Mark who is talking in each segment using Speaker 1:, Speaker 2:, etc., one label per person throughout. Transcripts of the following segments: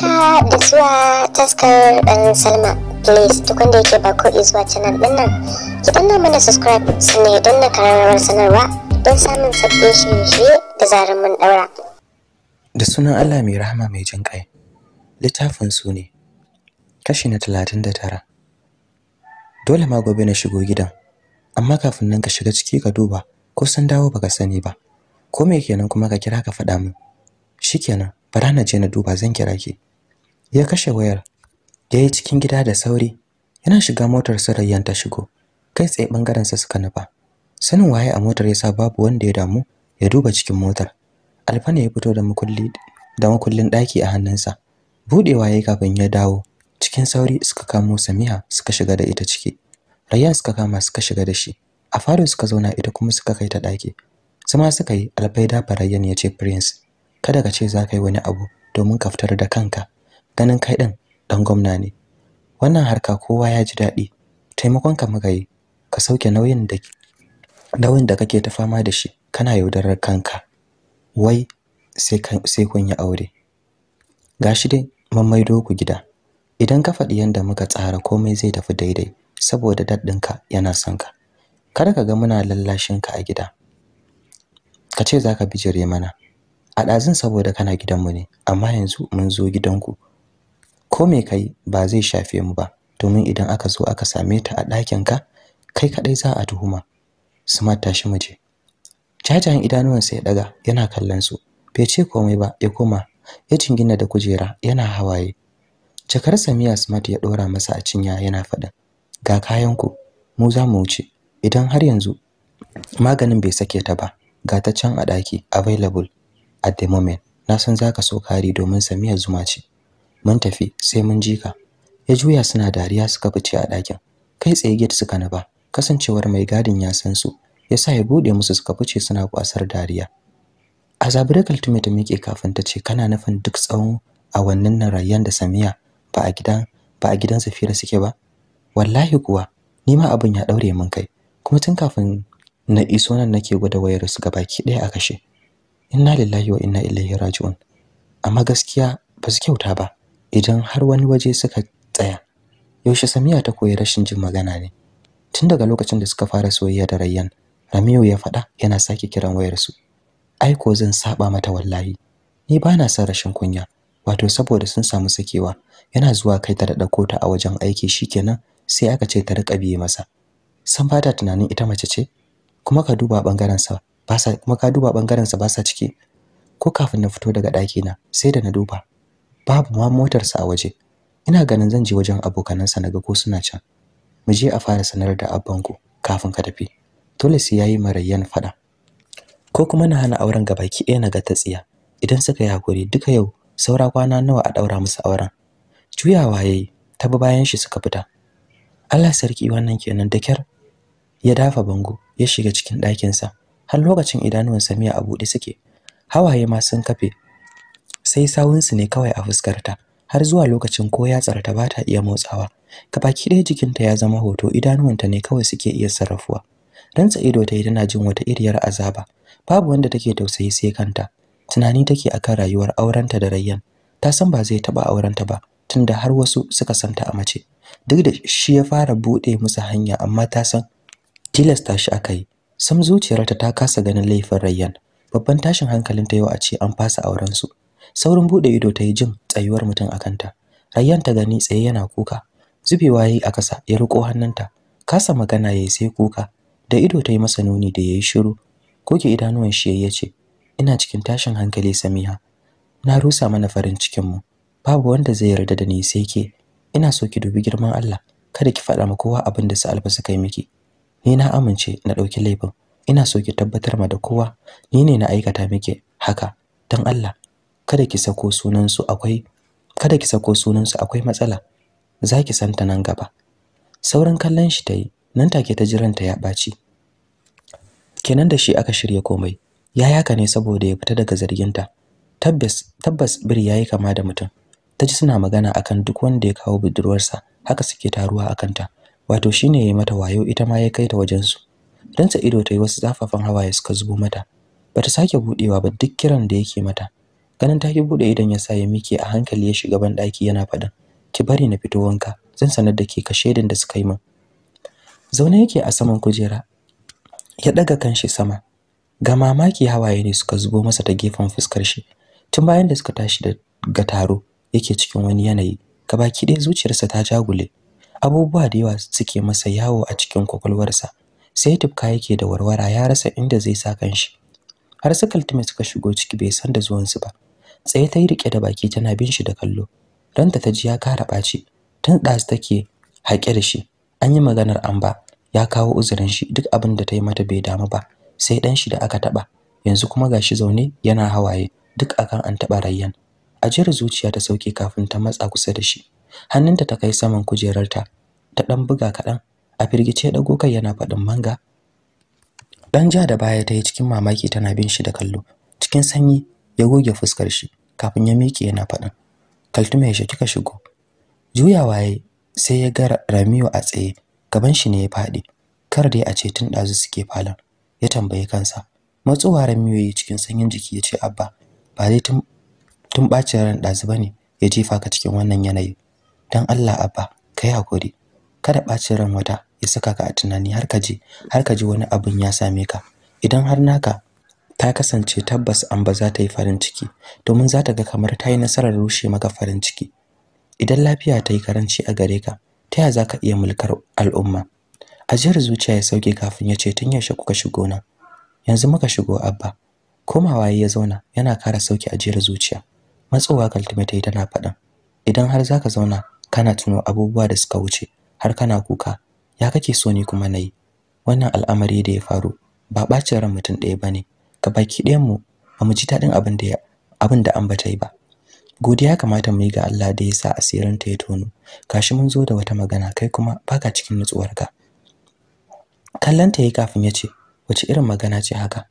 Speaker 1: haka da zuwa taskar dan salma please duk wanda yake ba ko zuwa canal din nan ki danna mana subscribe sannan ya danna karamar sanarwa don samun sabbin shirye-shirye da zarar mun daura da sunan allah mai rahama mai jin kai littafin su ne kashi na talatin da tara dole ma gobe na shigo gidan amma kafin nan ka shiga ciki ka duba ko san dawo baka sani ba ko me kenan kuma ka kira ka faɗa min Shi shikenan bara na je na duba zan kira ki ya kashe wayar ya yi cikin gida da sauri yana shiga motar sarayyan ta shigo kai tsaye bangaren sa suka nufa sanin waye a motar yasa babu wanda ya damu ya duba cikin motar alfana ya fito da makulli da makullin daki a hannunsa budewa yayi kafin ya dawo cikin sauri suka kamo Samiha suka shiga da ita ciki Rayyan suka kama suka shiga da shi a falo suka zauna ita kuma suka kai ta daki sama suka yi alfaida farayyan ya ce prince kada ka ce za ka yi wani abu domin ka fitar da kanka ganin kai din dan gwamna ne wannan harka kowa ya ji daɗi taimakon ka muka yi ka sauke nauyin da nauyin da kake ta fama da shi kana yaudarar kanka wai sai kun yi aure gashi dai mun ku gida idan ka faɗi yanda muka tsara komai zai tafi daidai saboda daddinka yana son ka kada ka ga muna lallashin ka a gida ka ce za ka bijire mana a ɗazin saboda kana gidanmu ne amma yanzu mun zo gidanku ko me kai ba zai shafe mu ba domin idan aka zo aka same ta a ɗakin ka kai kaɗai za a tuhuma smart tashi mu je jajayen idanuwansa ya ɗaga yana kallon su bai ce komai ba ya koma ya jingina da kujera yana hawaye jakar samiya smart ya ɗora masa a cinya yana faɗin ga kayanku mu za mu wuce idan har yanzu maganin bai sake ta ba ga ta can a ɗaki available at the moment na san za ka so kari domin samiya zuma ce mun tafi sai mun ji ka ya juya suna dariya suka fice a ɗakin kai tsaye gate suka na ba. kasancewar mai gadin ya san su ya sa ya buɗe musu suka fice suna kwasar dariya a zabirar ultimate miƙe kafin ta ce kana nufin duk tsawon awannin nan rayuwar da samiya ba a gidan ba a gidan zafira suke ba wallahi kuwa ni ma abin ya daure min kai kuma tun kafin na iso nan nake gwada wayar su gabaki ɗaya a kashe inna lillahi wa inna ilaihi raji'un amma gaskiya ba su kyauta ba idan har wani waje suka tsaya yaushe samiya ta koyi rashin jin magana ne tun daga lokacin da suka fara soyayya da rayyan Ramiyu ya faɗa yana sake kiran wayarsu ai ko zan saba mata wallahi ni ba na son rashin kunya wato saboda sun samu sakewa yana zuwa kai ta da ɗauko ta a wajen aiki shikenan sai aka ce ta riƙa biye masa san ba tunanin ita mace ce kuma ka duba bangaren sa ba sa kuma ka duba bangaren sa ba sa ciki ko kafin na fito daga ɗaki na sai da na duba babu ma motarsa a waje ina ganin zan je wajen abokanansa na ga ko suna can mu je a fara sanar da abbanku kafin ka tafi dole ya yayi marayyan fada ko kuma na hana auren ga baki ɗaya naga ta tsiya idan suka yi hakuri duka yau saura kwana nawa a ɗaura musu auren juyawa yayi ta bi bayan shi suka fita Allah sarki wannan kenan da kyar ya dafa bango ya shiga cikin ɗakinsa har lokacin idanuwan Samiya a buɗe suke hawaye ma sun kafe sai sawunsu ne kawai a fuskarta har zuwa lokacin ko yatsarta ba ta iya motsawa baki ɗaya jikinta ya zama hoto idanuwanta ne kawai suke iya sarrafuwa rantsa ido ta yi tana jin wata iriyar azaba babu wanda take tausayi sai kanta tunani take akan rayuwar aurenta da rayyan ta san ba zai taɓa aurenta ba tunda har wasu suka santa a mace duk da shi ya fara buɗe musu hanya amma ta san tilasta shi aka yi sam zuciyarta ta kasa ganin laifin rayyan babban tashin hankalin ta yau a ce an fasa aurensu saurin bude ido ta yi jin tsayuwar mutum a kanta rayyan ta gani tsaye yana kuka zubewa yayi a kasa ya riko hannunta kasa magana yayi sai kuka da ido ta yi masa nuni da yayi shiru koke idanuwan shi yayi yace ina cikin tashin hankali Samiha na rusa mana farin cikin mu babu wanda zai yarda da ni sai ke ina so ki dubi girman Allah kada ki faɗa ma kowa abin da su alfa suka yi miki ni na amince na ɗauki laifin ina so ki tabbatar ma da kowa ni ne na aikata miki haka dan Allah kada ki sako sunan su akwai kada ki sako sunan su akwai matsala zaki santa nan gaba sauran kallon shi yi, nan take ta jiranta ya baci kenan da shi aka shirya komai ya yaka ne saboda ya fita daga zarginta tabbas tabbas biri yayi kama da mutum Ta ji suna magana akan duk wanda ya kawo budurwarsa haka suke taruwa akan ta wato shine yayi mata wayo ita ma ya kai ta wajen su rantsa ido yi wasu zafafan hawaye suka zubo mata bata sake budewa ba duk kiran da yake mata ganin ta ki bude idan ya sa ya mike a hankali ya shiga ban daki yana faɗin ki bari na fito wanka zan sanar da ke kashedin da suka yi min zaune yake a saman kujera ya ɗaga kanshi sama ga mamaki hawaye ne suka zubo masa ta gefen fuskar shi tun bayan da suka tashi daga taro yake cikin wani yanayi gabaki ɗaya zuciyarsa ta jagule abubuwa da yawa suke masa yawo a cikin kwakwalwarsa sai tufka yake da warwara ya rasa inda zai sa kanshi har suka suka shigo ciki bai san da zuwansu ba tsaye ta yi rike da baki tana bin shi da kallo ranta ta ji ya kara ɓaci tun ɗazu take haƙe da shi an yi maganar amba ya kawo uzurin shi duk abin da ta yi mata bai damu ba sai ɗan shi da aka taɓa yanzu kuma gashi zaune yana hawaye duk akan an taɓa rayyan ajiyar zuciya ta sauke kafin ta matsa kusa da shi hannunta ta kai saman kujerarta ta ɗan buga kaɗan a firgice ɗago kai yana faɗin manga ɗan ja da baya ta yi cikin mamaki tana bin shi da kallo cikin sanyi ya goge fuskar shi kafin ya miƙe yana faɗin kaltume shi kika shigo juyawa yayi sai ya ga Ramiyo a tsaye gaban shi ne ya faɗi kar dai a ce tun ɗazu suke falon ya tambayi kansa matsowa Ramiyo yayi cikin sanyin jiki ya ce abba ba dai tun tun ɓacin ran ɗazu ne, ya jefa ka cikin wannan yanayi dan Allah abba kai hakuri kada ɓacin ran wata ya saka ka a tunani har ka je har ka ji wani abun ya same ka idan har naka ta kasance tabbas an ba za ta yi farin ciki domin za ta ga kamar ta yi nasarar rushe maka farin ciki idan lafiya ta yi karanci a gare ka ta yaya za ka iya mulkar al'umma ajiyar zuciya ya sauke kafin ya ce tun yaushe kuka shigo nan yanzu muka shigo abba komawa ya zauna yana kara sauke ajiyar zuciya matsowa kaltume ta yi tana faɗan idan har za ka zauna kana tuno abubuwa da suka wuce har kana kuka ya kake so ni kuma na yi wannan al'amari da ya faru ba ɓacin ran mutum ɗaya ba ne baki ɗayan mu ba mu ji daɗin abin da abin da an bata yi ba godiya kamata mu yi ga Allah da ya sa asirin ta ya tono gashi mun zo da wata magana kai kuma baka cikin nutsuwar ka. kallon ta yi kafin ya ce wace irin magana ce haka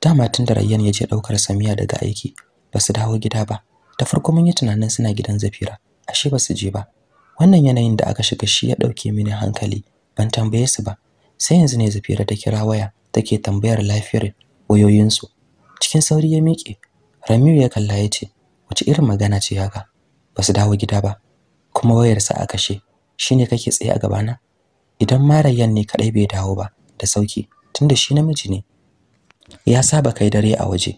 Speaker 1: dama tun da Rayyan ya je daukar Samiya daga aiki ba su dawo gida ba Ta farko mun yi tunanin suna gidan Zafira ashe ba su je ba wannan yanayin da aka shiga shi ya dauke mini hankali ban tambaye su ba sai yanzu ne Zafira ta kira waya take tambayar lafiyar su cikin sauri ya miƙe ramiu ya kalla ya ce wace irin magana ce haka ba su dawo gida ba kuma wayarsa a kashe shine kake tsaye a gabana idan marayyan ne kadai bai dawo ba da sauki tunda shi namiji ne ya saba kai dare a waje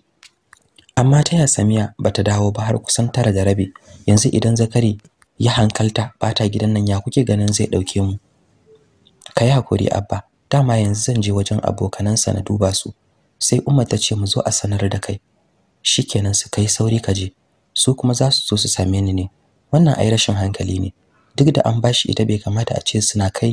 Speaker 1: amma ta ya samiya ta dawo ba har kusan tara da rabi yanzu idan zakari ya hankalta bata gidan nan ya kuke ganin zai ɗauke mu kai hakuri abba dama yanzu zan je wajen abokanansa na duba su sai Umma ta ce mu zo a sanar da kai shikenan su kai sauri ka je su kuma za su zo su same ni ne wannan ai rashin hankali ne duk da an bashi ita bai kamata a ce suna kai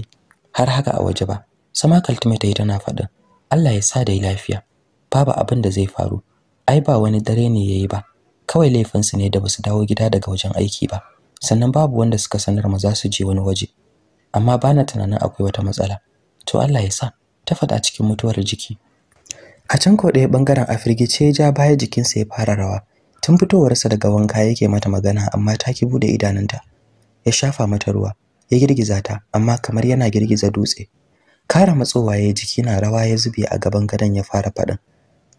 Speaker 1: har haka a waje ba sama kaltume ta yi tana faɗin Allah ya sa dai lafiya babu abin da zai faru ai ba wani dare ne yayi ba kawai laifinsu ne da basu dawo gida daga wajen aiki ba sannan babu wanda suka sanar mu za su je wani waje amma bana tunanin akwai wata matsala to Allah ya sa ta faɗa cikin mutuwar jiki a can ko ɗaya bangaren a firgice ya ja baya jikinsa ya fara rawa tun fitowarsa daga wanka yake mata magana amma ta ki bude idanunta ya shafa mata ruwa ya girgiza ta amma kamar yana girgiza dutse kara matsowa ya jiki na rawa ya zube a gaban gadon ya fara faɗin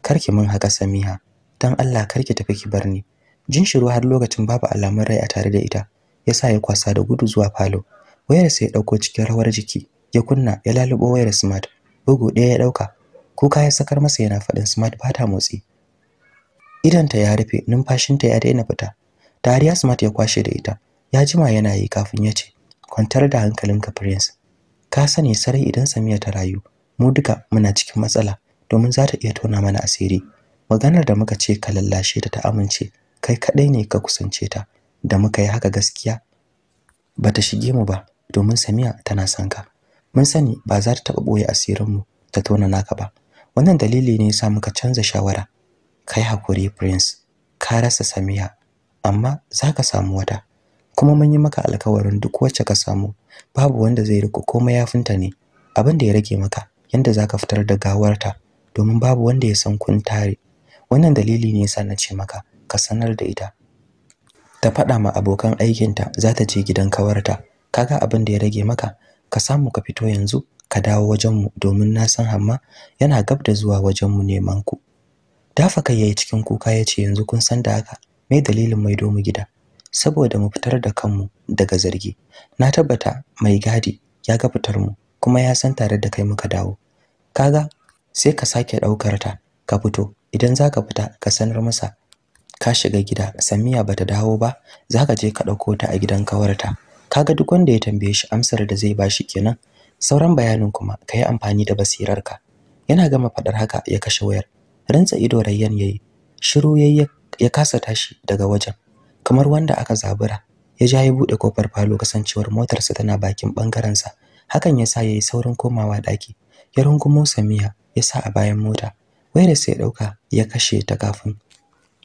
Speaker 1: karki mun haka samiha dan Allah karki tafi ki bar ni jin shiru har lokacin babu alamun rai a tare da ita Ya sa ya kwasa da gudu zuwa falo wayar sa ya ɗauko cikin rawar jiki ya kunna ya lalubo wayar smart bugu ɗaya ya ɗauka. kuka ya sakar masa yana faɗin smart ba ta motsi idanta ya rufe numfashinta ya daina fita dariya smart ya kwashe da ita ya jima yana yi kafin ya ce kwantar da hankalinka prince ka sani sarai idan samiya ta rayu mu duka muna cikin matsala domin za ta iya tona mana asiri maganar da muka ce ka lallashe ta ta amince kai kadai ne ka kusance ta da muka yi haka gaskiya bata shige mu ba domin samiya tana sanka mun sani ba za ta taɓa ɓoye asirinmu ta tona naka ba wannan dalili ne yasa muka canza shawara kai hakuri prince ka rasa samiya amma zaka samu wata kuma mun yi maka alkawarin duk wacce ka samu babu wanda zai riko komai yafinta ne abin da ya rage maka yanda zaka fitar da gawarta domin babu wanda ya san kun tare wannan dalili ne yasa na ce maka ka sanar da ita ta faɗa ma abokan aikinta za ta je gidan kawarta kaga abin da ya rage maka ka samu ka fito yanzu ka dawo wajenmu domin na san hamma yana gab da zuwa wajenmu neman ku dafa kai yayi cikin kuka yace yanzu kun san da haka me dalilin mai domu gida saboda mu fitar da kanmu daga zargi na tabbata mai gadi ya ga fitar mu kuma ya san tare da kai muka dawo kaga sai ka sake daukar ta ka fito idan zaka fita ka sanar masa ka shiga gida Samiya bata dawo ba zaka je ka dauko ta a gidan kawarta kaga duk wanda ya tambaye shi amsar da zai bashi kenan sauran bayanin kuma ka yi amfani da basirarka yana gama faɗar haka ya kashe wayar rantsa ido rayyan yayi shiru yayi ya kasa tashi daga wajen kamar wanda aka zabura ya ja ya buɗe kofar falo kasancewar motarsa tana bakin ɓangarensa hakan ya sa ya yi saurin komawa ɗaki ya rungumo samiya ya sa a bayan mota wayar sai ɗauka ya kashe ta kafin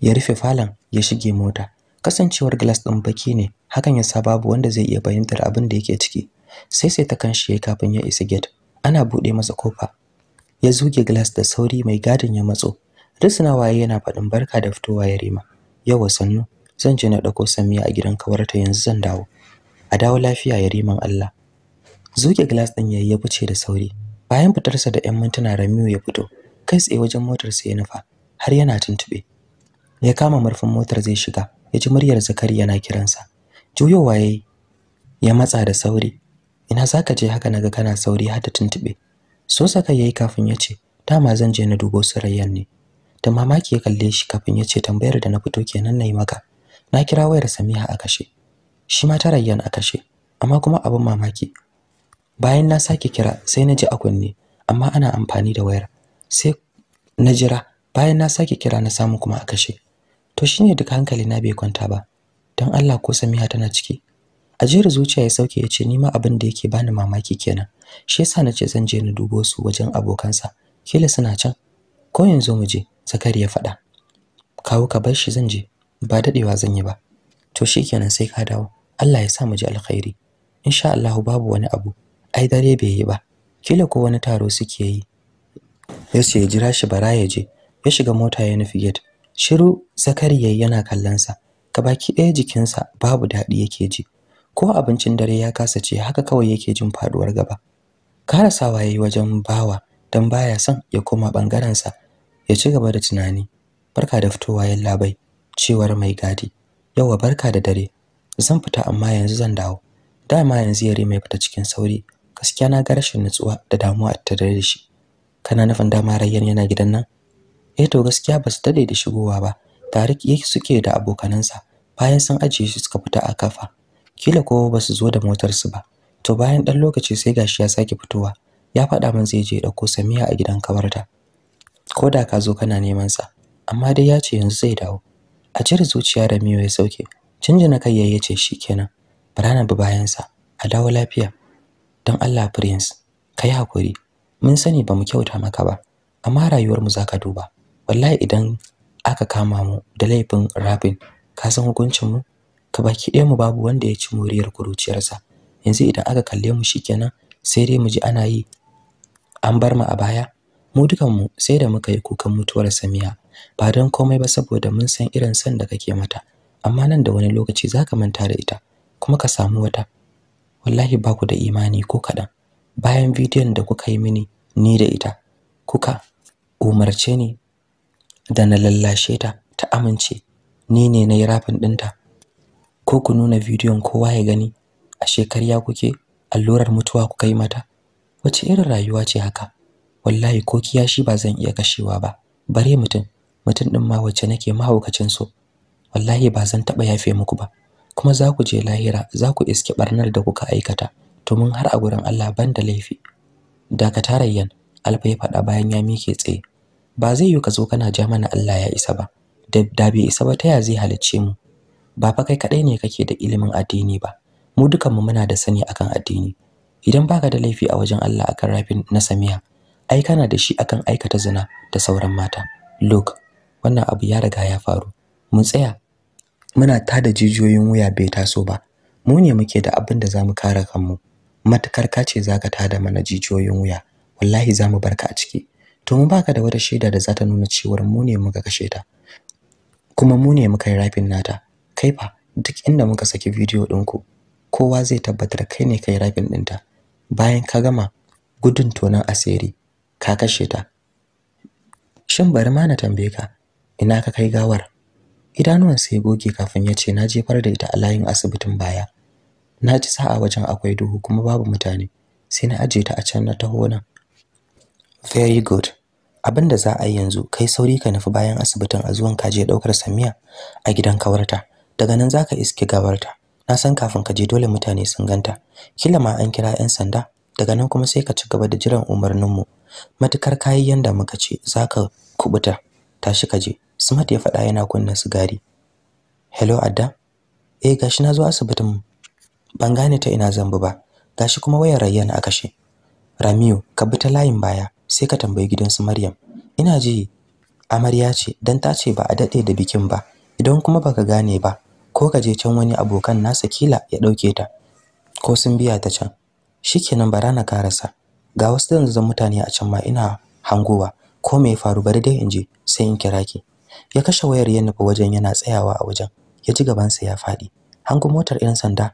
Speaker 1: ya rufe falon ya shige mota kasancewar glass ɗin baki ne hakan ya sa babu wanda zai iya fahimtar abin da yake ciki sai sai ta kanshi yayi kafin ya isa gate ana bude masa kofa ya zuge glass da sauri mai gadin ya matso risna waye yana faɗin barka da fitowa ya rima yawa sannu zan je na dauko samiya a gidan kawarta yanzu zan dawo a dawo lafiya ya riman Allah zuge glass din yayi ya fice da sauri bayan fitarsa da 'yan mintuna Ramiu ya fito kai tsaye wajen motar sai ya nufa har yana tuntube ya kama murfin motar zai shiga ya ji muryar Zakari yana kiransa juyowa yayi ya matsa da sauri ina zaka je haka naga kana sauri har ta tuntube so saka yayi kafin ya ce dama zan je na dubo sarayyan ne ta mamaki ya kalle shi kafin ya ce tambayar da na fito kenan nayi maka na kira wayar Samiha a kashe shi ma ta Rayyan a kashe amma kuma abin mamaki bayan na sake kira sai na ji a kunne amma ana amfani da wayar sai na jira bayan na sake kira na samu kuma a kashe to shine duka hankali na bai kwanta ba don Allah ko Samiha tana ciki A ajiyar zuciya ya sauke ya ce ni ma abin da yake bani mamaki kenan shi yasa nace zan je na dubo su wajen abokansa kila suna can ko yanzu mu je zakari ya faɗa kawo ka bar shi zan je ba dadewa zan yi ba to shikenan sai ka dawo Allah ya sa mu ji alkhairi insha Allah babu wani abu ai dare bai yi ba kila ko wani taro suke yi yace ya jira shi bara ya je ya shiga mota ya nufi gate shiru zakari yayi yana kallon sa baki ɗaya jikinsa babu daɗi yake ji ko abincin dare ya kasa ce haka kawai yake jin faduwar gaba karasawa yayi wajen bawa dan baya son ya koma bangaren sa ya ci gaba da tunani barka da fitowa yalla bai cewar mai gadi yawa barka da dare zan fita amma yanzu zan dawo dama yanzu yare mai fita cikin sauri gaskiya na ga rashin nutsuwa da damuwa a tattare da shi kana nufin dama rayyan yana gidan nan eh to gaskiya ba su daɗe da shigowa ba tarik yake suke da abokanansa bayan sun ajiye shi suka fita a kafa kila ko ba su zo da motar su ba to bayan ɗan lokaci sai gashi ya sake fitowa ya faɗa min zai je ɗauko samiya a gidan kawarta ko da ka zo kana neman sa amma dai ya ce yanzu zai dawo a jira zuciya da miyo ya sauke na kai ya ce shikenan bara na bi bayan sa a dawo lafiya don Allah prince kai hakuri mun sani ba mu kyauta maka ba amma rayuwar mu zaka duba wallahi idan aka kama mu da laifin rabin ka san hukuncin mu ka baki ɗaya mu babu wanda ya ci moriyar kuruciyarsa yanzu idan aka kalle mu shi kenan, sai dai mu ji ana yi an bar mu a baya mu dukan mu sai da muka yi kukan mutuwar samiya ba don komai ba saboda mun san irin san da kake mata amma nan da wani lokaci za ka manta da ita kuma ka samu wata wallahi ba ku da imani ko kaɗan bayan bidiyon da kuka yi mini ni da ita kuka umarce ni da na lallashe ta ta amince ni ne na yi rafin ɗinta ko ku nuna bidiyon kowa ya gani a shekarya kuke allurar mutuwa ku yi mata wace irin rayuwa ce haka wallahi ko kiya shi ba zan iya kashewa ba bare mutum mutum din ma wace nake mahaukacin so wallahi ba zan taba yafe muku ba kuma za ku je lahira za ku iske barnar da kuka aikata to domin har a gurin Allah ban da laifi daga tarayyan alfa ya faɗa bayan ya mike tsaye ba zai yi ka zo kana ja mana Allah ya isa ba da bai isa ba ta ya zai halicce mu ba fa kai kadai ne kake da ilimin addini ba mu dukan mu muna da sani akan addini idan baka da laifi a wajen Allah akan rafin na Samiya ai kana da shi akan aikata zina da sauran mata look wannan abu ya riga ya faru mu tsaya muna tada jijiyoyin wuya bai taso ba mu ne muke da abin da zamu kare kanmu matakar kace zaka tada mana jijiyoyin wuya wallahi zamu barka a ciki to mu baka da wata shaida da za ta nuna cewa mu ne muka kashe ta kuma mu ne muka yi rafin nata kai fa duk inda muka saki bidiyo ɗinku kowa zai tabbatar kai ne kai rafin ɗinta bayan ka gama gudun tonon asiri ka kashe ta shin bari ma na tambaye ka ina ka kai gawar idanuwan sai goge kafin ya ce na jefar da ita a layin asibitin baya na ji sa'a wajen akwai duhu kuma babu mutane sai na aje ta a can na taho nan very good abin da za a yi yanzu kai sauri ka nufi bayan asibitin a zuwan kaje ɗaukar samiya a gidan kawarta daga nan zaka iske gabarta na san kafin ka je dole mutane sun ganta kila ma an kira 'yan sanda daga nan kuma sai ka ci gaba da jiran umarnin mu matukar kayi yanda muka ce zaka kubuta tashi ka je smart ya faɗa yana kunna sigari hello adda eh gashi na zo asibitin ban gane ta ina zambu ba gashi kuma wayar rayyan a kashe ramiyo ka bi ta layin baya sai ka tambayi gidan su maryam ina ji amarya ce dan ta ce ba a dade da bikin ba idan kuma baka gane ba ko ka je can wani abokan nasa kila ya ɗauke ta ko sun biya ta can shikenan bara na karasa ga wasu zanzan mutane a can ma ina hangowa ko me ya faru bari dai in je sai in kira ki ya kashe wayar ya nufi wajen yana tsayawa a wajen ya ji gabansa ya faɗi hangu motar 'yan sanda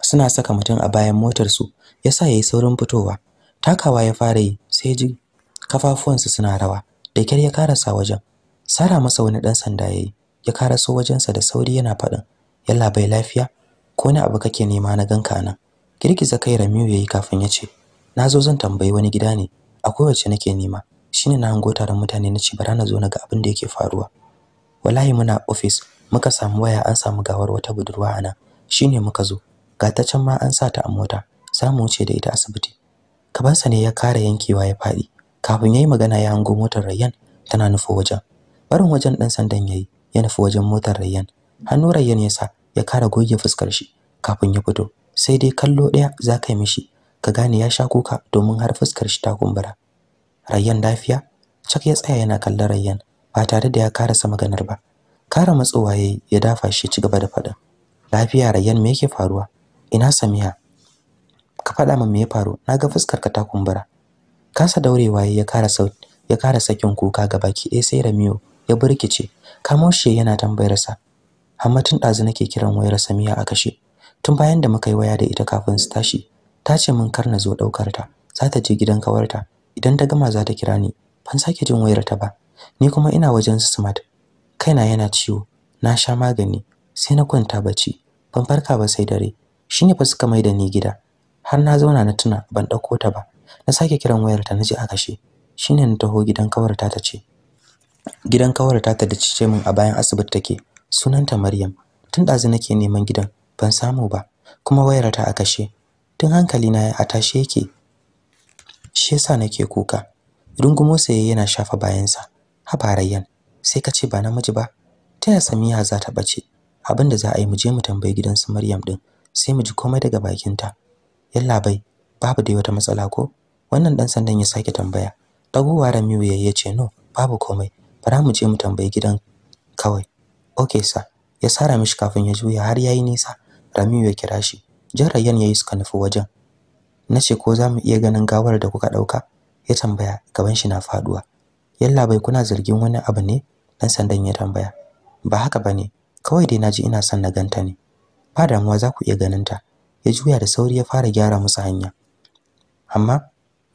Speaker 1: suna saka mutum a bayan motar su ya yi saurin fitowa takawa ya fara yi sai ji kafafuwansa suna rawa da kyar ya karasa wajen sara masa wani ɗan sanda ya yi. ya karaso wajensa da sauri yana faɗin yalla bai lafiya ko ne abu kake nema na ganka nan girgiza kai Ramiu yayi kafin ya ce na zo zan tambayi wani gida ne akwai wacce nake nema shine na hango taron mutane na ce bara na zo na ga abin da yake faruwa wallahi muna office muka samu waya an samu gawar wata budurwa ana shine muka zo ga ta can ma an sa ta a mota samu wuce da ita asibiti kabansa ne ya kare yankewa ya faɗi kafin yayi magana ya hango motar Rayyan tana nufo wajen barin wajen ɗan sandan yayi ya nufi wajen motar Rayyan. Hannu Rayyan ya sa ya kara goge fuskar shi kafin ya fito. Sai dai kallo ɗaya za ka yi mishi ka gane ya sha kuka domin har fuskar shi ta kumbura. Rayyan lafiya? cak ya tsaya yana kallon Rayyan ba tare da ya karasa maganar ba. Kara matsowa yayi ya dafa shi ci gaba da faɗin. Lafiya Rayyan me yake faruwa? Ina Samiya? Ka faɗa min me ya faru? Na ga fuskar ka ta kumbura. Kasa daurewa ya kara ya kara sakin kuka ga baki ɗaya sai Ramiyo ya burkice kamoshe yana tambayarsa hammatin ɗazu nake kiran wayar samiya a kashe tun bayan da muka yi waya da ita kafin su tashi ta ce min kar na zo ɗaukar ta za ta je gidan kawarta idan ta gama za ta kira ni ban sake jin wayar ta ba ni kuma ina wajen su smart kaina yana ciwo na sha magani sai na kwanta bacci ban farka ba sai dare shine fa suka mai da ni gida har na zauna na tuna ban ɗauko ta ba na sake kiran wayar ta naji a kashe shine na taho gidan kawarta ta ce gidan kawarta ta dace min a bayan asibiti take sunanta Maryam tun dazu nake neman gidan ban samu ba kuma wayar ta a kashe tun hankali na a tashe yake shi yasa nake kuka rungumo sai yana shafa bayansa habarayyan sai ka ce ba namiji ba ta ya Samiha za ta bace abinda za a yi mu je mu tambayi gidan su Maryam din sai mu ji komai daga bakinta yalla bai babu dai wata matsala ko wannan dan sandan ya sake tambaya dagowa Ramiu miyu ya ce no babu komai bara mu je mu tambayi gidan kawai okay sa ya sara mishi kafin ya juya har yayi nisa Ramiu ya kira shi jan Rayyan yi suka nufi wajen nace ko za mu iya ganin gawar da kuka ɗauka, ya tambaya gaban shi na faɗuwa. yalla bai kuna zargin wani abu ne dan sandan ya tambaya ba haka ba ne, kawai dai na ji ina son na ganta ne ba damuwa za ku iya ganin ta ya juya da sauri ya fara gyara musu hanya amma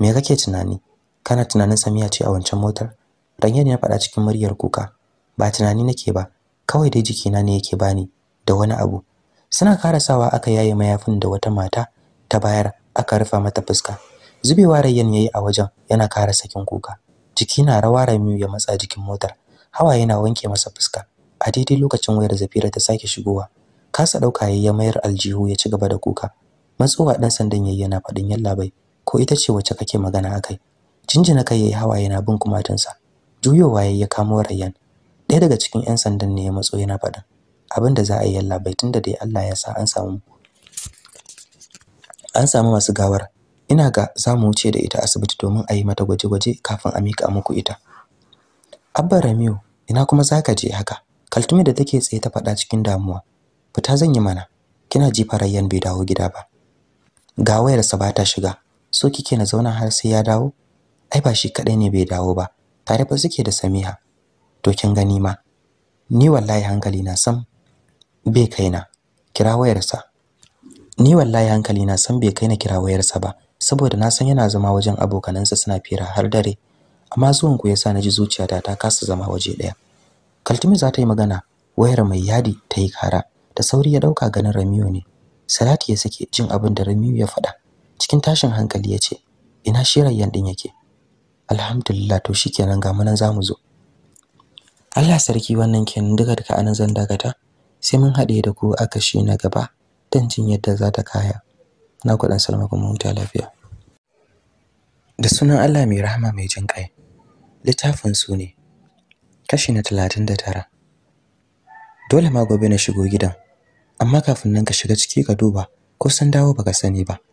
Speaker 1: me kake tunani kana tunanin Samiya ce a wancan motar Rayyan ya faɗa cikin muryar kuka. Ba tunani nake ba, kawai dai jikina ne yake bani da wani abu. Suna karasawa aka yaye mayafin da wata mata ta bayar aka rufa mata fuska. Zubewa Rayyan yayi a wajen yana kara sakin kuka. Jiki na rawa rami ya matsa jikin motar. Hawa yana wanke masa fuska. A daidai lokacin wayar Zafira ta sake shigowa. Kasa dauka yayi ya mayar aljihu ya ci gaba da kuka. Matsowa dan sandan yayi yana fadin yallabai ko ita ce wacce kake magana akai. Jinjina kai yayi hawa yana bin kumatunsa. juyowa ya ya kamo rayyan ɗaya daga cikin yan sandan ne ya matso yana faɗin abin da za a yi yalla bai tunda dai Allah ya sa an samu an samu masu gawar ina ga za mu wuce da ita asibiti domin a yi mata gwaje-gwaje kafin a mika muku ita abba ramiu ina kuma za ka je haka kaltumi da take tsaye ta faɗa cikin damuwa fita zan yi mana kina jifa rayyan bai dawo gida ba ga wayarsa ba ta shiga so kike na zauna har sai ya dawo ai ba shi kadai ne bai dawo ba tare ba suke da Samiha to kin gani ma ni wallahi hankali na san bai kaina kira wayarsa ni wallahi hankali na san bai kaina kira wayarsa ba saboda na san yana zama wajen abokanansa suna fira har dare amma zuwan ku yasa naji zuciyata ta kasa zama waje daya Kaltumi za ta yi magana wayar mai yadi ta yi kara da sauri ya dauka ganin Ramiyo ne Salati ya sake jin abin da Ramiyo ya faɗa cikin tashin hankali ya ce ina shirayyan din yake alhamdulillah to shi shikenan ga munan zamu zo Allah sarki wannan kenan duka duka anan zan dagata. sai mun haɗe da ku a kashi na gaba dan jin yadda za ta kaya na ku dan salma kuma huta lafiya da sunan Allah mai rahama mai jin kai littafin su ne kashi na 39 dole ma gobe na shigo gidan amma kafin nan ka shiga ciki ka duba ko san dawo baka sani ba